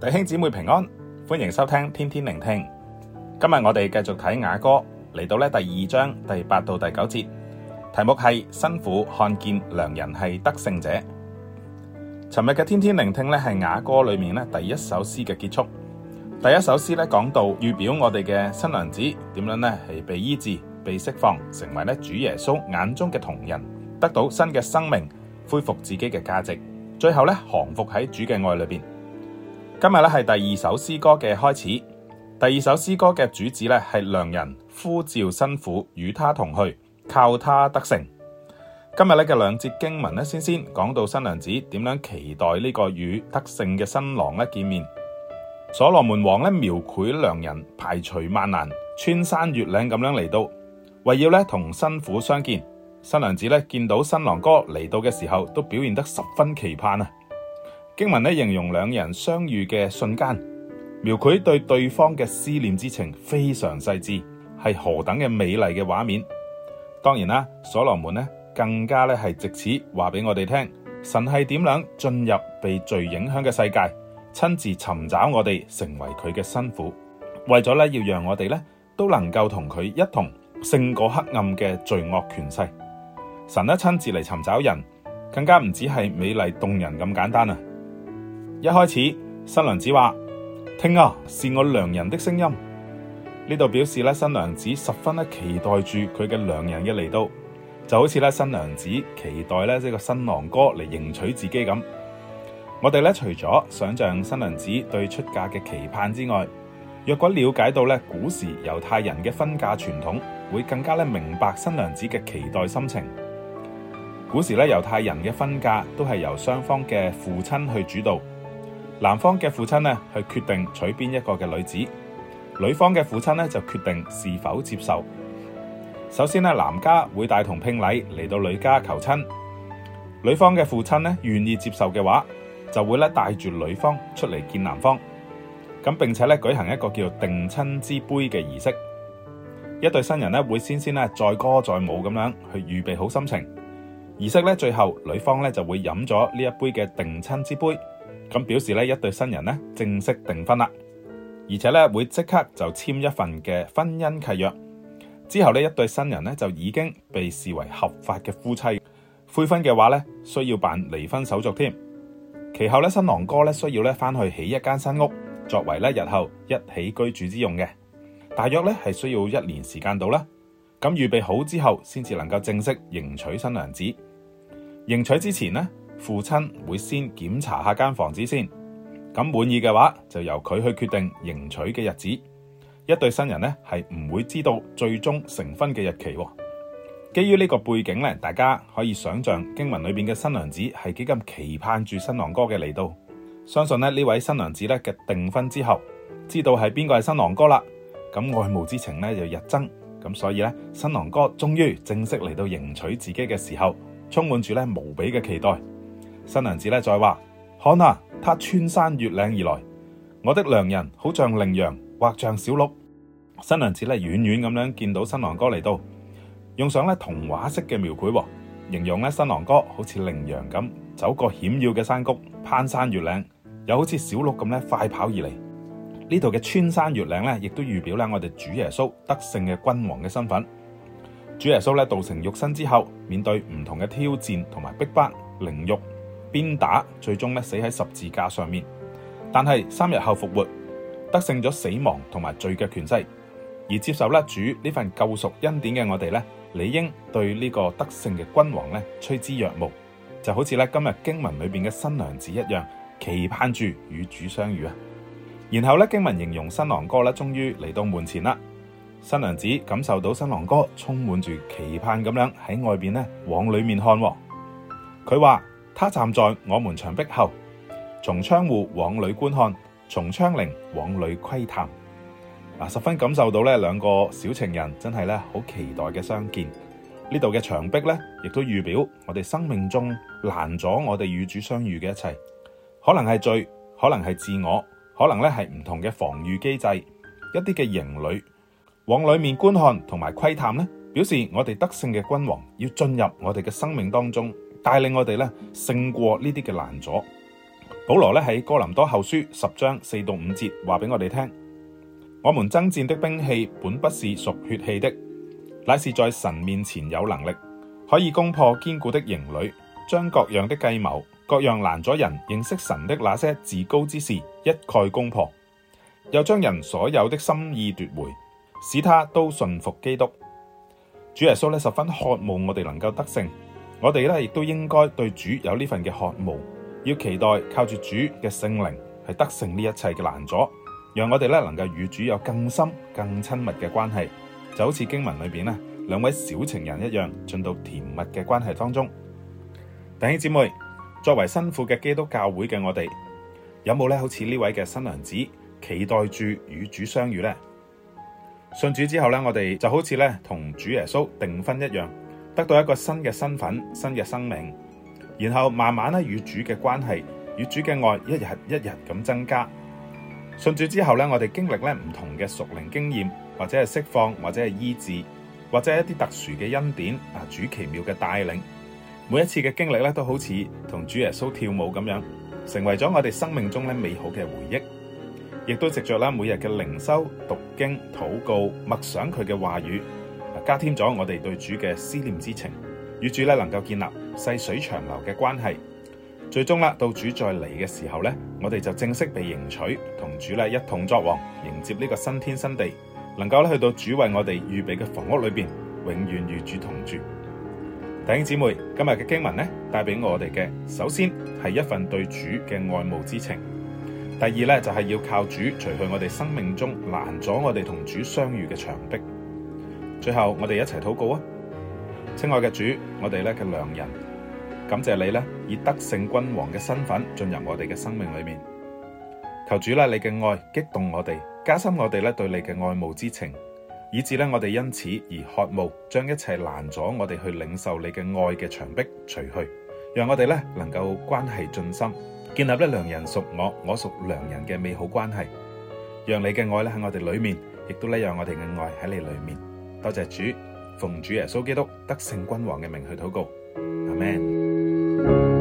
弟兄姊妹平安，歡迎收聽天天靈聽。今日我哋繼續睇雅歌，嚟到呢第二章第八到第九節，題目係新婦看見良人係得勝者。尋日嘅天天靈聽呢係雅歌裏面呢第一首詩嘅結束，第一首詩呢講到預表我哋嘅新娘子點樣呢係被醫治、被釋放，成為呢主耶穌眼中嘅瞳人，得到新嘅生命，恢復自己嘅價值，最後呢降服喺主嘅愛裏邊。今日咧係第二首詩歌嘅開始。第二首詩歌嘅主旨咧係良人呼召新婦與他同去，靠他得勝。今日咧嘅兩節經文咧，先先講到新娘子點樣期待呢個與得勝嘅新郎咧見面。所羅門王咧描繪良人排除萬難、躥山越嶺咁樣嚟到，為要咧同新婦相見。新娘子咧見到新郎哥嚟到嘅時候，都表現得十分期盼啊！經文咧形容兩人相遇嘅瞬間，描繪對對方嘅思念之情非常細緻，係何等嘅美麗嘅畫面。當然啦，所羅門咧更加咧係藉此話俾我哋聽，神係點樣進入被罪影響嘅世界，親自尋找我哋，成為佢嘅新婦，為咗咧要讓我哋咧都能夠同佢一同勝過黑暗嘅罪惡權勢。神咧親自嚟尋找人，更加唔止係美麗動人咁簡單啊！一開始新娘子話：聽啊，是我良人的聲音。呢度表示咧，新娘子十分咧期待住佢嘅良人一嚟到，就好似咧新娘子期待咧呢個新郎哥嚟迎娶自己咁。我哋咧除咗想象新娘子對出嫁嘅期盼之外，若果了解到咧古時猶太人嘅婚嫁傳統，會更加咧明白新娘子嘅期待心情。古時咧猶太人嘅婚嫁都係由雙方嘅父親去主導。男方嘅父親咧去決定娶邊一個嘅女子，女方嘅父親咧就決定是否接受。首先咧，男家會帶同聘禮嚟到女家求親，女方嘅父親咧願意接受嘅話，就會咧帶住女方出嚟見男方，咁並且咧舉行一個叫訂親之杯嘅儀式。一對新人咧會先先咧載歌載舞咁樣去預備好心情。儀式咧最後，女方咧就會飲咗呢一杯嘅訂親之杯。咁表示咧，一對新人咧正式訂婚啦，而且咧會即刻就簽一份嘅婚姻契約，之後呢，一對新人咧就已經被視為合法嘅夫妻。悔婚嘅話咧，需要辦離婚手續添。其後咧，新郎哥咧需要咧翻去起一間新屋，作為咧日後一起居住之用嘅。大約咧係需要一年時間度啦。咁預備好之後，先至能夠正式迎娶新娘子。迎娶之前呢，父親會先檢查下間房子先，咁滿意嘅話就由佢去決定迎娶嘅日子。一對新人咧係唔會知道最終成婚嘅日期。基於呢個背景咧，大家可以想像經文裏邊嘅新娘子係幾咁期盼住新郎哥嘅嚟到。相信咧呢位新娘子咧嘅訂婚之後，知道係邊個係新郎哥啦。咁愛慕之情咧就日增。咁所以咧新郎哥終於正式嚟到迎娶自己嘅時候，充滿住咧無比嘅期待。新娘子咧再話：看哪！他躥山越嶺而來，我的良人好像羚羊，或像小鹿。新娘子咧遠遠咁樣見到新郎哥嚟到，用上咧童話式嘅描繪，形容咧新郎哥好似羚羊咁走過險要嘅山谷，攀山越嶺，又好似小鹿咁咧快跑而嚟。呢度嘅躥山越嶺咧，亦都預表咧我哋主耶穌得勝嘅君王嘅身份。主耶穌咧道成肉身之後，面對唔同嘅挑戰同埋逼迫，凌辱。鞭打，最終咧死喺十字架上面，但係三日後復活，得勝咗死亡同埋罪嘅權勢，而接受咧主呢份救贖恩典嘅我哋咧，理應對呢個得勝嘅君王咧趨之若鶩，就好似咧今日經文裏邊嘅新娘子一樣，期盼住與主相遇啊。然後咧，經文形容新郎哥咧終於嚟到門前啦，新娘子感受到新郎哥充滿住期盼咁樣喺外邊咧往裏面看，佢話：他站在我們牆壁後，從窗戶往裏觀看，從窗棂往裏窺探，啊，十分感受到咧，兩個小情人真係咧好期待嘅相見。呢度嘅牆壁咧，亦都預表我哋生命中攔阻我哋與主相遇嘅一切，可能係罪，可能係自我，可能咧係唔同嘅防御機制，一啲嘅營壘往裏面觀看同埋窺探咧，表示我哋得勝嘅君王要進入我哋嘅生命當中。帶領我哋咧勝過呢啲嘅攔阻。保羅咧喺哥林多後書十章四到五節話俾我哋聽：我們爭戰的兵器本不是屬血氣的，乃是在神面前有能力，可以攻破堅固的營壘，將各樣的計謀、各樣攔阻人認識神的那些自高之事一概攻破，又將人所有的心意奪回，使他都順服基督。主耶穌咧十分渴望我哋能夠得勝。我哋咧亦都應該對主有呢份嘅渴慕，要期待靠住主嘅聖靈去得勝呢一切嘅攔阻，讓我哋咧能夠與主有更深、更親密嘅關係，就好似經文裏邊咧兩位小情人一樣，進到甜蜜嘅關係當中。弟兄姊妹，作為新婦嘅基督教會嘅我哋，有冇咧好似呢位嘅新娘子，期待住與主相遇呢？信主之後咧，我哋就好似咧同主耶穌訂婚一樣。得到一個新嘅身份、新嘅生命，然後慢慢咧與主嘅關係、與主嘅愛，一日一日咁增加。信主之後咧，我哋經歷咧唔同嘅屬靈經驗，或者係釋放，或者係醫治，或者係一啲特殊嘅恩典啊，主奇妙嘅帶領。每一次嘅經歷咧，都好似同主耶穌跳舞咁樣，成為咗我哋生命中咧美好嘅回憶，亦都藉着啦每日嘅靈修、讀經、禱告、默想佢嘅話語。加添咗我哋對主嘅思念之情，與主咧能夠建立細水長流嘅關係，最終啦到主再嚟嘅時候咧，我哋就正式被迎娶，同主咧一同作王，迎接呢個新天新地，能夠咧去到主為我哋預備嘅房屋裏邊，永遠與主同住。弟兄姊妹，今日嘅經文咧帶俾我哋嘅，首先係一份對主嘅愛慕之情，第二咧就係要靠主除去我哋生命中攔阻我哋同主相遇嘅牆壁。最後，我哋一齊禱告啊！親愛嘅主，我哋呢嘅良人，感謝你呢以得勝君王嘅身份進入我哋嘅生命裏面。求主啦，你嘅愛激動我哋，加深我哋呢對你嘅愛慕之情，以致呢，我哋因此而渴慕，將一切攔阻我哋去領受你嘅愛嘅牆壁除去，讓我哋呢能夠關係進深，建立呢良人屬我，我屬良人嘅美好關係。讓你嘅愛呢喺我哋裏面，亦都呢讓我哋嘅愛喺你裏面。多謝主，奉主耶穌基督得勝君王嘅名去禱告，阿們。